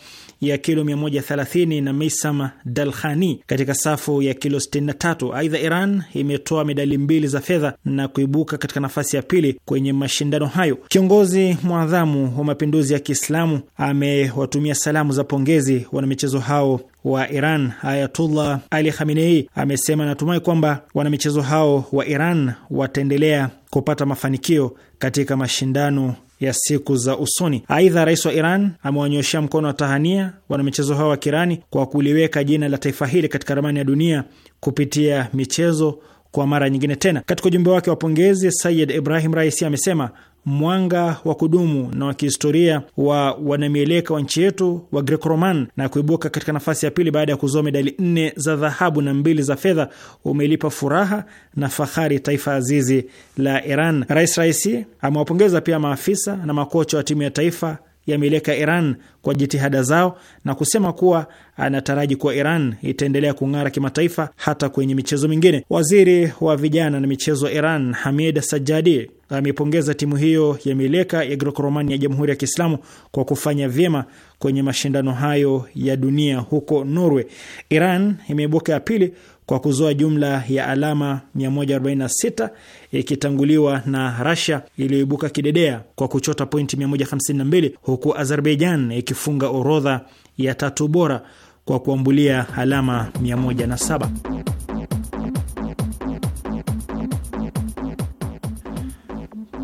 ya kilo 130 na Meisam Dalkhani katika safu ya kilo 63. Aidha, Iran imetoa medali mbili za fedha na kuibuka katika nafasi ya pili kwenye mashindano hayo. Kiongozi mwadhamu wa mapinduzi ya Kiislamu amewatumia salamu za pongezi wanamichezo hao wa Iran. Ayatullah Ali Khamenei amesema anatumai kwamba wanamichezo hao wa Iran wataendelea kupata mafanikio katika mashindano ya siku za usoni. Aidha, rais wa Iran amewanyoshea mkono wa tahania wanamichezo hao wa Kirani kwa kuliweka jina la taifa hili katika ramani ya dunia kupitia michezo kwa mara nyingine tena. Katika ujumbe wake wa pongezi, Sayid Ibrahim Raisi amesema mwanga wa kudumu na wa kihistoria wa wanamieleka wa nchi yetu wa Greco-Roman na kuibuka katika nafasi ya pili baada ya kuzoa medali nne za dhahabu na mbili za fedha umelipa furaha na fahari taifa azizi la Iran. Rais Raisi amewapongeza pia maafisa na makocha wa timu ya taifa yameileka Iran kwa jitihada zao na kusema kuwa anataraji kuwa Iran itaendelea kung'ara kimataifa hata kwenye michezo mingine. Waziri wa vijana na michezo wa Iran Hamid sajadi amepongeza timu hiyo ya mieleka ya Greco ya Jamhuri ya Kiislamu kwa kufanya vyema kwenye mashindano hayo ya dunia huko Norway. Iran imeibuka ya pili kwa kuzoa jumla ya alama 146 ikitanguliwa na Russia iliyoibuka kidedea kwa kuchota pointi 152 huku Azerbaijan ikifunga orodha ya tatu bora kwa kuambulia alama 107.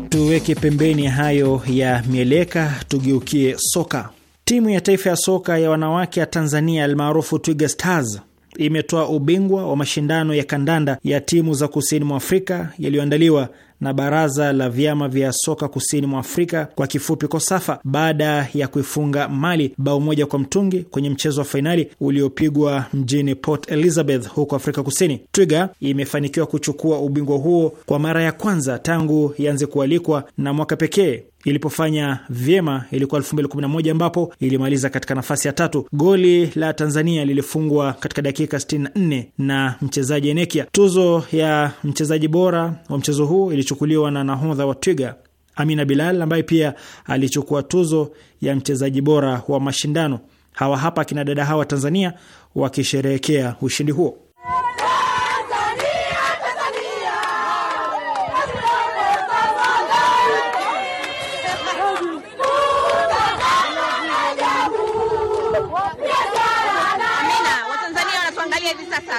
Tuweke pembeni hayo ya mieleka, tugeukie soka. Timu ya taifa ya soka ya wanawake ya Tanzania almaarufu Twiga Stars imetoa ubingwa wa mashindano ya kandanda ya timu za kusini mwa Afrika yaliyoandaliwa na baraza la vyama vya soka kusini mwa Afrika kwa kifupi KOSAFA baada ya kuifunga Mali bao moja kwa mtungi kwenye mchezo wa fainali uliopigwa mjini Port Elizabeth huko Afrika Kusini. Twiga imefanikiwa kuchukua ubingwa huo kwa mara ya kwanza tangu yanze kualikwa na mwaka pekee ilipofanya vyema ilikuwa 2011 ambapo ilimaliza katika nafasi ya tatu. Goli la Tanzania lilifungwa katika dakika 64 na mchezaji Enekia. Tuzo ya mchezaji bora wa mchezo huu ilichukuliwa na nahodha wa Twiga Amina Bilal ambaye pia alichukua tuzo ya mchezaji bora wa mashindano. Hawa hapa kina dada hawa Tanzania wakisherehekea ushindi huo.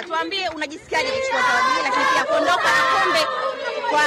tuambie unajisikiaje kuchukua zawadi hii, lakini pia kuondoka na kombe kwa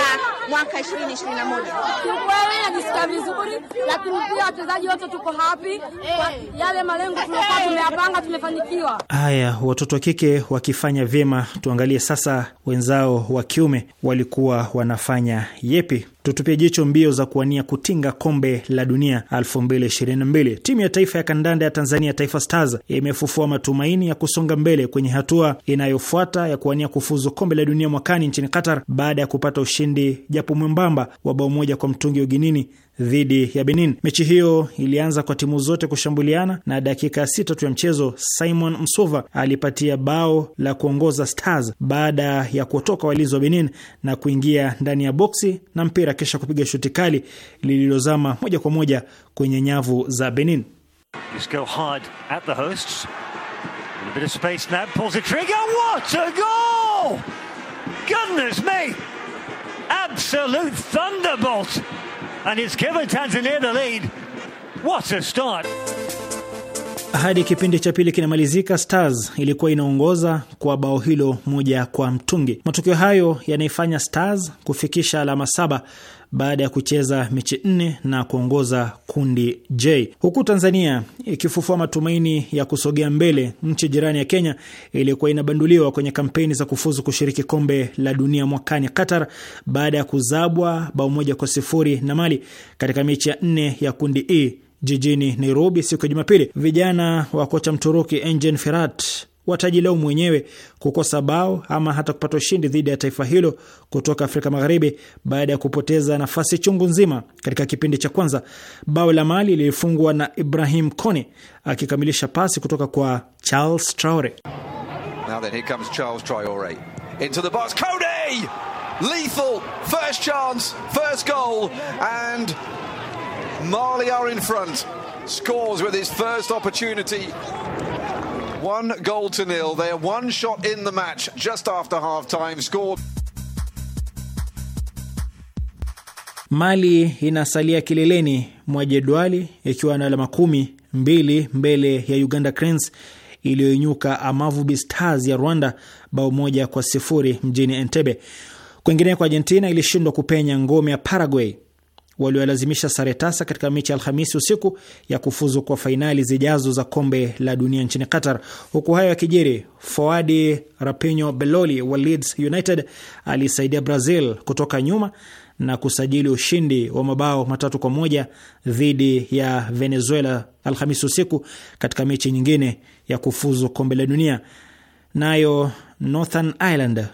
mwaka 2021. Kiukweli najisikia vizuri, lakini pia wachezaji wote tuko happy kwa yale malengo tuliokuwa tumeyapanga tumefanikiwa. Haya, watoto wa kike wakifanya vyema, tuangalie sasa wenzao wa kiume walikuwa wanafanya yepi tutupie jicho mbio za kuwania kutinga kombe la dunia 2022. Timu ya taifa ya kandanda ya Tanzania, Taifa Stars, imefufua matumaini ya kusonga mbele kwenye hatua inayofuata ya kuwania kufuzu kombe la dunia mwakani nchini Qatar baada ya kupata ushindi japo mwembamba wa bao moja kwa mtungi Uginini dhidi ya Benin. Mechi hiyo ilianza kwa timu zote kushambuliana na dakika sita tu ya mchezo Simon Msuva alipatia bao la kuongoza Stars baada ya kuotoka walinzi wa Benin na kuingia ndani ya boksi na mpira kisha kupiga shuti kali lililozama moja kwa moja kwenye nyavu za Benin and it's given Tanzania the lead. What a start! Hadi kipindi cha pili kinamalizika, Stars ilikuwa inaongoza kwa bao hilo moja kwa mtungi. Matokeo hayo yanaifanya Stars kufikisha alama saba baada ya kucheza mechi nne na kuongoza kundi J, huku Tanzania ikifufua matumaini ya kusogea mbele. Nchi jirani ya Kenya ilikuwa inabanduliwa kwenye kampeni za kufuzu kushiriki kombe la dunia mwakani Qatar, baada ya kuzabwa bao moja kwa sifuri na Mali katika mechi ya nne ya kundi E jijini Nairobi siku ya Jumapili. Vijana wa kocha Mturuki Engin Firat watajilaumu wenyewe kukosa bao ama hata kupata ushindi dhidi ya taifa hilo kutoka Afrika Magharibi baada ya kupoteza nafasi chungu nzima katika kipindi cha kwanza. Bao la Mali lilifungwa na Ibrahim Kone akikamilisha pasi kutoka kwa Charles Traore. Now then, here comes Charles Traore into the box. Kone! Lethal first chance, first goal and Mali are in front. Scores with his first opportunity. One goal to nil. They are one shot in the match just after half time. Scored. Mali inasalia kileleni mwa jedwali ikiwa na alama kumi, mbili mbele ya Uganda Cranes iliyoinyuka Amavubi Stars ya Rwanda bao moja kwa sifuri mjini Entebbe. Kwengine kwa Argentina ilishindwa kupenya ngome ya Paraguay waliolazimisha sare tasa katika mechi ya Alhamisi usiku ya kufuzu kwa fainali zijazo za kombe la dunia nchini Qatar. Huku hayo yakijiri, Foadi Rapinho Beloli wa Leeds United alisaidia Brazil kutoka nyuma na kusajili ushindi wa mabao matatu kwa moja dhidi ya Venezuela Alhamisi usiku katika mechi nyingine ya kufuzu kombe la dunia. Nayo Northern Ireland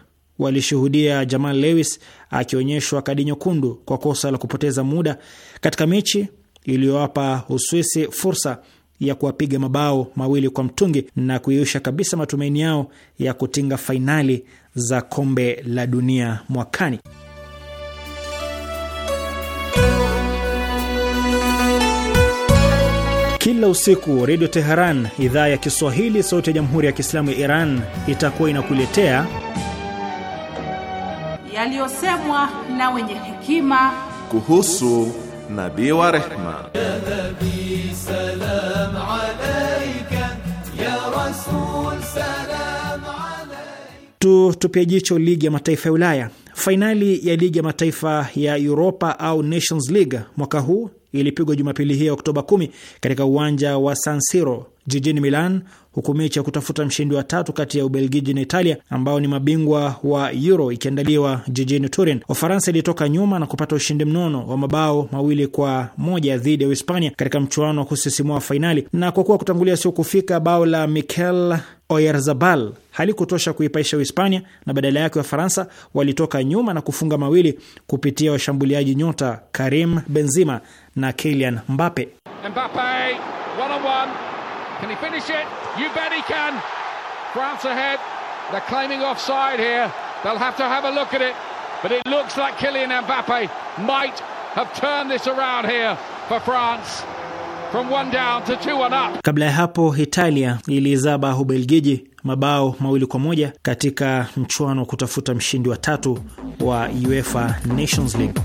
walishuhudia Jamal Lewis akionyeshwa kadi nyekundu kwa kosa la kupoteza muda katika mechi iliyowapa Uswisi fursa ya kuwapiga mabao mawili kwa mtungi na kuiusha kabisa matumaini yao ya kutinga fainali za kombe la dunia mwakani. Kila usiku Redio Teheran idhaa ya Kiswahili, sauti ya Jamhuri ya Kiislamu ya Iran itakuwa inakuletea yaliyosemwa na wenye hekima kuhusu nabii wa rehma. Ya jicho ligi ya mataifa ya Ulaya. Fainali ya ligi ya mataifa ya Europa au Nations League mwaka huu ilipigwa Jumapili hii ya Oktoba 10 katika uwanja wa San Siro jijini Milan, huku mechi ya kutafuta mshindi wa tatu kati ya Ubelgiji na Italia ambao ni mabingwa wa Euro ikiandaliwa jijini Turin. Wafaransa ilitoka nyuma na kupata ushindi mnono wa mabao mawili kwa moja dhidi ya Uhispania katika mchuano wa kusisimua wa fainali, na kwa kuwa kutangulia sio kufika, bao la Mikel Oyarzabal halikutosha kuipaisha Uhispania na badala yake Wafaransa walitoka nyuma na kufunga mawili kupitia washambuliaji nyota Karim Benzema na Kylian Mbappe. Mbappe, one on one. Can he finish it? You bet he can. France ahead. They're claiming offside here. They'll have to have a look at it. But it looks like Kylian Mbappe might have turned this around here for France. From one down to two and up. Kabla ya hapo Italia iliizaba Ubelgiji mabao mawili kwa moja katika mchuano wa kutafuta mshindi wa tatu wa UEFA Nations League.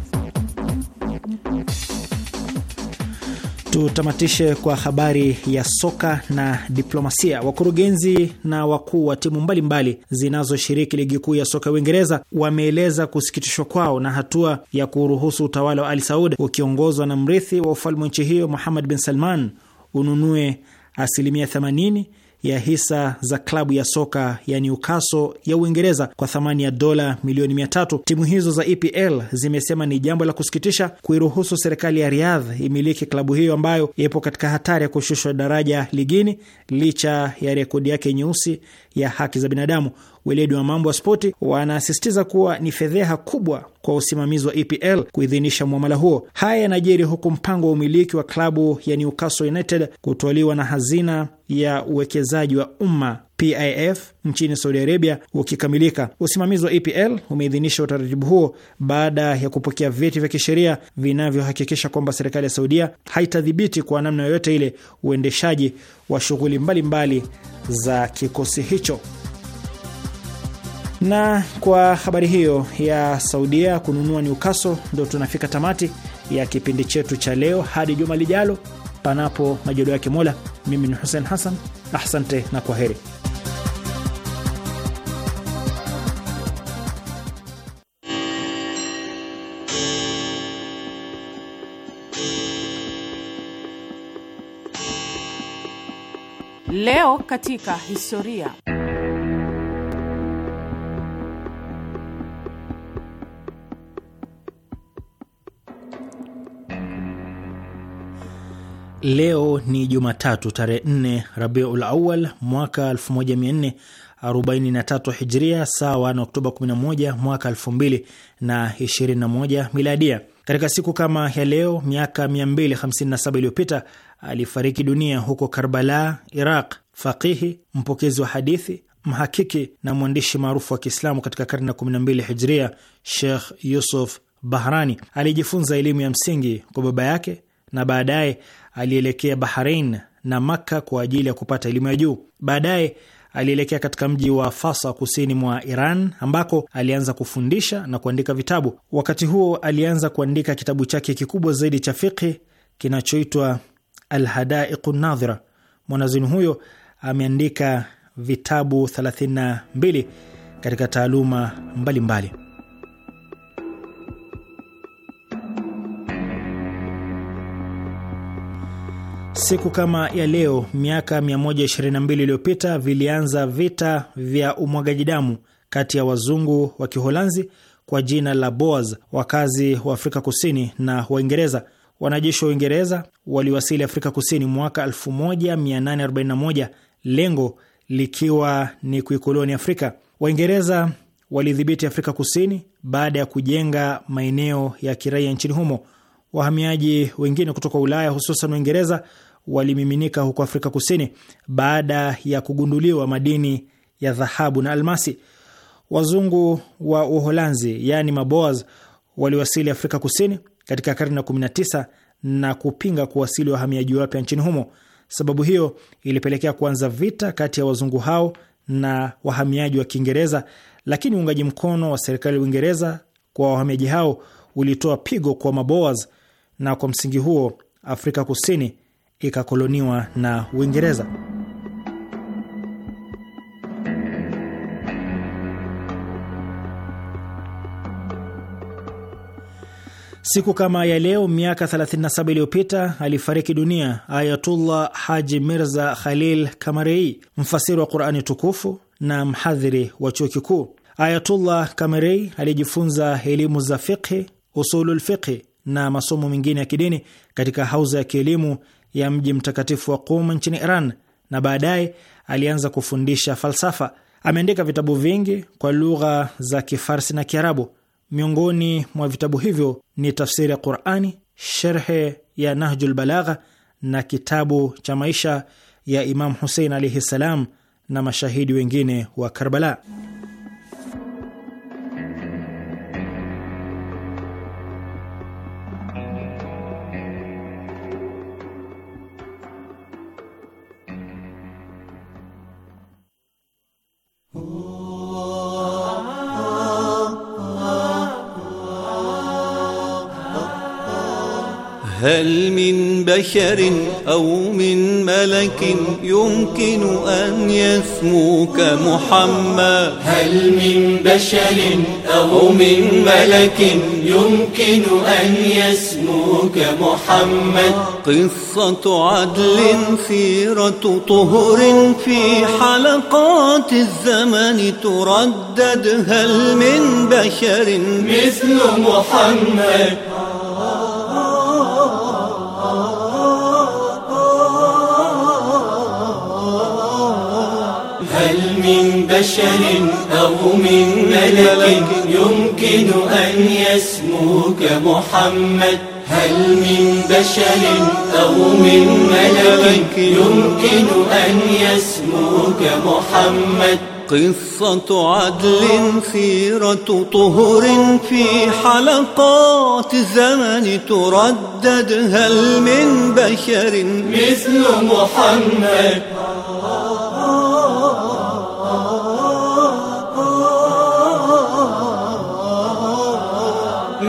Tutamatishe kwa habari ya soka na diplomasia. Wakurugenzi na wakuu wa timu mbalimbali zinazoshiriki ligi kuu ya soka ya Uingereza wameeleza kusikitishwa kwao na hatua ya kuruhusu utawala wa Al Saud ukiongozwa na mrithi wa ufalme wa nchi hiyo Muhammad bin Salman ununue asilimia 80 ya hisa za klabu ya soka ya Newcastle ya Uingereza kwa thamani ya dola milioni mia tatu. Timu hizo za EPL zimesema ni jambo la kusikitisha kuiruhusu serikali ya Riyadh imiliki klabu hiyo ambayo ipo katika hatari ya kushushwa daraja ligini licha ya rekodi yake nyeusi ya haki za binadamu. Weledi wa mambo ya spoti wanasisitiza kuwa ni fedheha kubwa kwa usimamizi wa EPL kuidhinisha mwamala huo. Haya yanajiri huku mpango wa umiliki wa klabu ya Newcastle United kutwaliwa na hazina ya uwekezaji wa umma PIF nchini Saudi Arabia ukikamilika. Usimamizi wa EPL umeidhinisha utaratibu huo baada ya kupokea vyeti vya kisheria vinavyohakikisha kwamba serikali ya Saudia haitadhibiti kwa namna yoyote ile uendeshaji wa shughuli mbalimbali za kikosi hicho. Na kwa habari hiyo ya Saudia kununua Newcastle, ndo tunafika tamati ya kipindi chetu cha leo. Hadi juma lijalo, panapo majodo yake Mola. Mimi ni Hussein Hassan, asante na kwa heri. Leo katika historia Leo ni Jumatatu tarehe 4 Rabiul Awal mwaka 1443 Hijria, sawa na Oktoba 11 mwaka 2021 Miladia. Katika siku kama ya leo miaka 257 iliyopita alifariki dunia huko Karbala, Iraq, faqihi, mpokezi wa hadithi, mhakiki na mwandishi maarufu wa Kiislamu katika karne ya 12 Hijria, Sheikh Yusuf Bahrani. Alijifunza elimu ya msingi kwa baba yake na baadaye alielekea Bahrain na Makka kwa ajili ya kupata elimu ya juu. Baadaye alielekea katika mji wa Fasa kusini mwa Iran ambako alianza kufundisha na kuandika vitabu. Wakati huo alianza kuandika kitabu chake kikubwa zaidi cha fiqhi kinachoitwa Alhadaiqu Nadhira. Mwanazini huyo ameandika vitabu 32 katika taaluma mbalimbali mbali. Siku kama ya leo miaka 122 iliyopita vilianza vita vya umwagaji damu kati ya wazungu wa Kiholanzi kwa jina la Boers, wakazi wa Afrika Kusini na Waingereza. Wanajeshi wa Uingereza waliwasili Afrika Kusini mwaka 1841, lengo likiwa ni kuikoloni Afrika. Waingereza walidhibiti Afrika Kusini baada ya kujenga maeneo ya kiraia nchini humo. Wahamiaji wengine kutoka Ulaya, hususan Uingereza, walimiminika huko Afrika Kusini baada ya kugunduliwa madini ya dhahabu na almasi. Wazungu wa Uholanzi yaani maboas waliwasili Afrika Kusini katika karne ya 19 na kupinga kuwasili wahamiaji wapya nchini humo. Sababu hiyo ilipelekea kuanza vita kati ya wazungu hao na wahamiaji wa Kiingereza, lakini uungaji mkono wa serikali ya Uingereza kwa wahamiaji hao ulitoa pigo kwa maboas, na kwa msingi huo Afrika Kusini ikakoloniwa na Uingereza. Siku kama ya leo miaka 37 iliyopita alifariki dunia Ayatullah Haji Mirza Khalil Kamarei, mfasiri wa Qurani tukufu na mhadhiri wa chuo kikuu. Ayatullah Kamarei alijifunza elimu za fiqhi, usulul fiqhi na masomo mengine ya kidini katika hauza ya kielimu ya mji mtakatifu wa Qum nchini Iran na baadaye alianza kufundisha falsafa. Ameandika vitabu vingi kwa lugha za Kifarsi na Kiarabu. Miongoni mwa vitabu hivyo ni tafsiri ya Qurani, sherhe ya Nahjul Balagha na kitabu cha maisha ya Imam Husein alaihi ssalam na mashahidi wengine wa Karbala. هل من بشر أو من ملك يمكن أن يسموك محمد هل من بشر أو من ملك يمكن أن يسموك محمد قصة عدل سيرة طهر في حلقات الزمن تردد هل من بشر مثل محمد من بشر أو من ملك يمكن أن يسموك محمد هل من بشر أو من ملك يمكن أن يسموك محمد قصة عدل سيرة طهر في حلقات الزمن تردد هل من بشر مثل محمد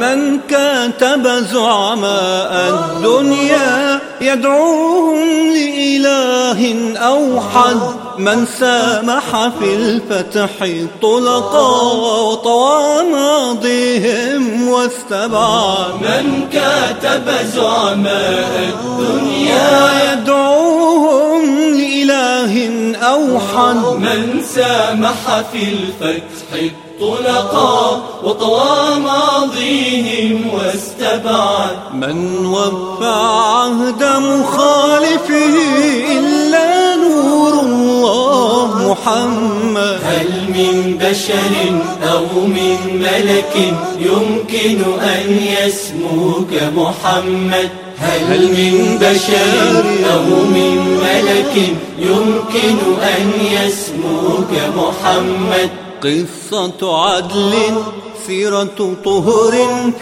من كتب زعماء الدنيا يدعوهم لإله أوحد من سامح في الفتح طلقا وطوى ماضيهم واستبعا من كتب زعماء الدنيا يدعوهم لإله أوحى من سامح في الفتح طلقا وطوى ماضيهم واستبعد من وفى عهد مخالفه إلا محمد هل من بشر أو من ملك يمكن أن يسموك محمد هل من بشر أو من ملك يمكن أن يسموك محمد قصة عدل سيرة طهر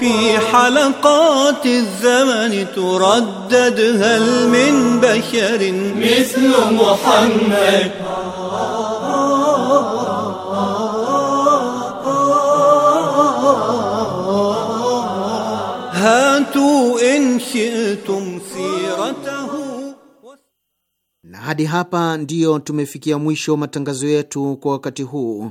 في حلقات الزمن تردد هل من بشر مثل محمد هاتوا إن شئتم سيرته na hadi hapa ndiyo tumefikia mwisho matangazo yetu kwa wakati huu.